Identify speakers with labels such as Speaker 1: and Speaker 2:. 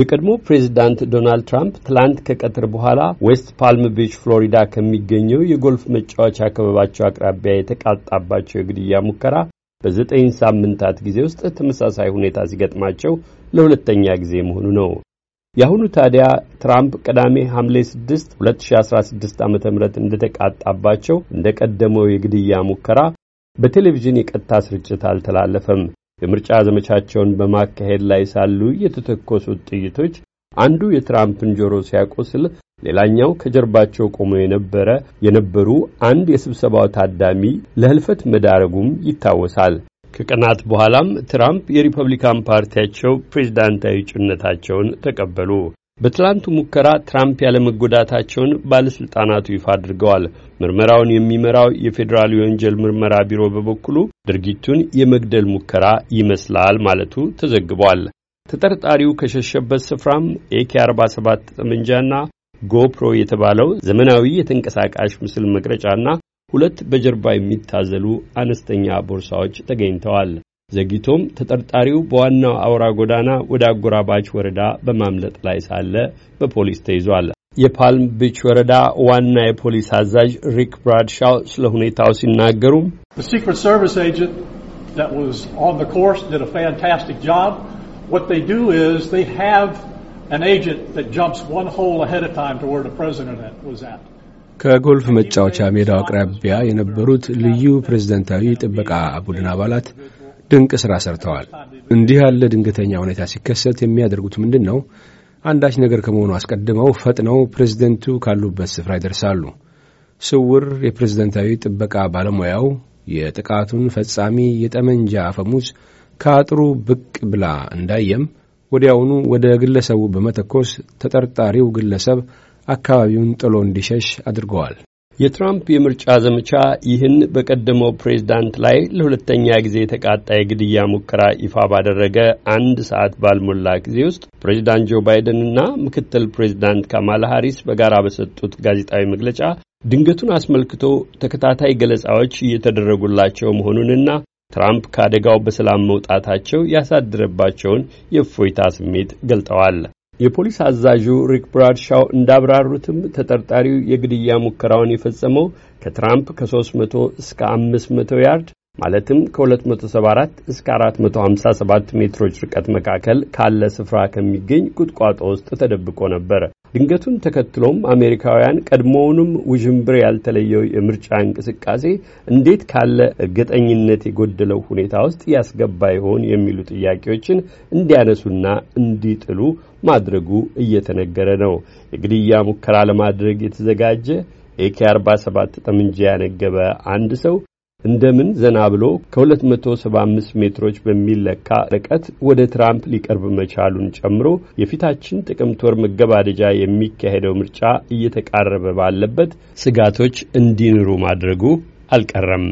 Speaker 1: የቀድሞ ፕሬዚዳንት ዶናልድ ትራምፕ ትላንት ከቀትር በኋላ ዌስት ፓልም ቢች ፍሎሪዳ ከሚገኘው የጎልፍ መጫወቻ ክበባቸው አቅራቢያ የተቃጣባቸው የግድያ ሙከራ በዘጠኝ ሳምንታት ጊዜ ውስጥ ተመሳሳይ ሁኔታ ሲገጥማቸው ለሁለተኛ ጊዜ መሆኑ ነው። የአሁኑ ታዲያ ትራምፕ ቅዳሜ ሐምሌ 6 2016 ዓ ም እንደተቃጣባቸው እንደ ቀደመው የግድያ ሙከራ በቴሌቪዥን የቀጥታ ስርጭት አልተላለፈም። የምርጫ ዘመቻቸውን በማካሄድ ላይ ሳሉ የተተኮሱት ጥይቶች አንዱ የትራምፕን ጆሮ ሲያቆስል፣ ሌላኛው ከጀርባቸው ቆሞ የነበረ የነበሩ አንድ የስብሰባው ታዳሚ ለህልፈት መዳረጉም ይታወሳል። ከቀናት በኋላም ትራምፕ የሪፐብሊካን ፓርቲያቸው ፕሬዝዳንታዊ እጩነታቸውን ተቀበሉ። በትላንቱ ሙከራ ትራምፕ ያለመጎዳታቸውን ባለሥልጣናቱ ይፋ አድርገዋል። ምርመራውን የሚመራው የፌዴራል የወንጀል ምርመራ ቢሮ በበኩሉ ድርጊቱን የመግደል ሙከራ ይመስላል ማለቱ ተዘግቧል። ተጠርጣሪው ከሸሸበት ስፍራም ኤኬ 47 ጠመንጃና ጎፕሮ የተባለው ዘመናዊ የተንቀሳቃሽ ምስል መቅረጫና ሁለት በጀርባ የሚታዘሉ አነስተኛ ቦርሳዎች ተገኝተዋል። ዘግይቶም ተጠርጣሪው በዋናው አውራ ጎዳና ወደ አጎራባች ወረዳ በማምለጥ ላይ ሳለ በፖሊስ ተይዟል። የፓልም ቢች ወረዳ ዋና የፖሊስ አዛዥ ሪክ ብራድሻው ስለ ሁኔታው ሲናገሩ
Speaker 2: ከጎልፍ መጫወቻ ሜዳው አቅራቢያ የነበሩት ልዩ ፕሬዝደንታዊ ጥበቃ ቡድን አባላት ድንቅ ሥራ ሰርተዋል። እንዲህ ያለ ድንገተኛ ሁኔታ ሲከሰት የሚያደርጉት ምንድን ነው? አንዳች ነገር ከመሆኑ አስቀድመው ፈጥነው ፕሬዝደንቱ ካሉበት ስፍራ ይደርሳሉ። ስውር የፕሬዝደንታዊ ጥበቃ ባለሙያው የጥቃቱን ፈጻሚ የጠመንጃ አፈሙዝ ከአጥሩ ብቅ ብላ እንዳየም ወዲያውኑ ወደ ግለሰቡ በመተኮስ ተጠርጣሪው ግለሰብ አካባቢውን ጥሎ እንዲሸሽ አድርገዋል።
Speaker 1: የትራምፕ የምርጫ ዘመቻ ይህን በቀደመው ፕሬዝዳንት ላይ ለሁለተኛ ጊዜ የተቃጣ የግድያ ሙከራ ይፋ ባደረገ አንድ ሰዓት ባልሞላ ጊዜ ውስጥ ፕሬዝዳንት ጆ ባይደንና ምክትል ፕሬዝዳንት ካማላ ሃሪስ በጋራ በሰጡት ጋዜጣዊ መግለጫ ድንገቱን አስመልክቶ ተከታታይ ገለጻዎች እየተደረጉላቸው መሆኑንና ትራምፕ ከአደጋው በሰላም መውጣታቸው ያሳደረባቸውን የእፎይታ ስሜት ገልጠዋል። የፖሊስ አዛዡ ሪክ ብራድሻው እንዳብራሩትም ተጠርጣሪው የግድያ ሙከራውን የፈጸመው ከትራምፕ ከ300 እስከ 500 ያርድ ማለትም ከ274 እስከ 457 ሜትሮች ርቀት መካከል ካለ ስፍራ ከሚገኝ ቁጥቋጦ ውስጥ ተደብቆ ነበር። ድንገቱን ተከትሎም አሜሪካውያን ቀድሞውንም ውዥንብር ያልተለየው የምርጫ እንቅስቃሴ እንዴት ካለ እርግጠኝነት የጎደለው ሁኔታ ውስጥ ያስገባ ይሆን የሚሉ ጥያቄዎችን እንዲያነሱና እንዲጥሉ ማድረጉ እየተነገረ ነው። የግድያ ሙከራ ለማድረግ የተዘጋጀ ኤኬ 47 ጠመንጃ ያነገበ አንድ ሰው እንደምን ዘና ብሎ ከ275 ሜትሮች በሚለካ ርቀት ወደ ትራምፕ ሊቀርብ መቻሉን ጨምሮ የፊታችን ጥቅምት ወር መገባደጃ የሚካሄደው ምርጫ እየተቃረበ ባለበት ስጋቶች እንዲኖሩ ማድረጉ አልቀረም።